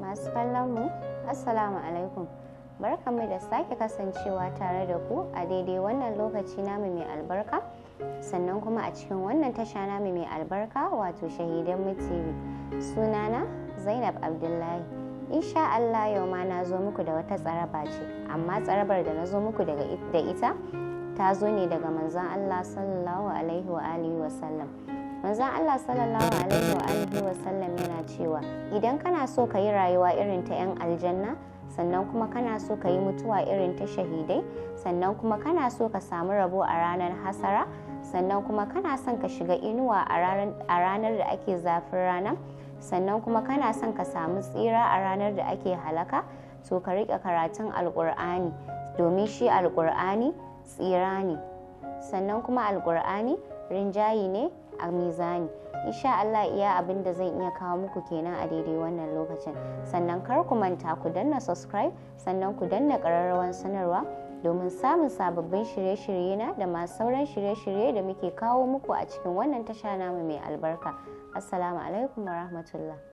masu kallon mu assalamu alaikum mu da sake kasancewa tare da ku a daidai wannan lokaci namu mai albarka sannan kuma a cikin wannan tasha namu mai albarka wato shahidan TV. sunana zainab abdullahi insha allah yau ma na zo muku da wata tsaraba ce amma tsarabar da na zo muku da ita ta zo ne daga manzon allah sallallahu alaihi wa alihi wa sallam manzon allah sallallahu alaihi wa alihi wa sallam idan kana so ka yi rayuwa irin ta 'yan aljanna sannan kuma kana so ka yi mutuwa irin ta shahidai sannan kuma kana so ka samu rabo a ranar hasara sannan kuma kana son ka shiga inuwa a ranar da ake zafin rana sannan kuma kana son ka samu tsira a ranar da ake halaka to ka rika karatun alkur'ani domin shi alkur'ani tsira ne sannan kuma alkur'ani rinjayi ne a mizani insha Allah iya abin da zan iya kawo muku kenan a daidai wannan lokacin sannan kar ku manta ku danna subscribe sannan ku danna ƙararrawar sanarwa domin samun sababbin shirye-shirye na da masu sauran shirye-shirye da muke kawo muku a cikin wannan tasha namu mai albarka assalamu alaikum warahmatullah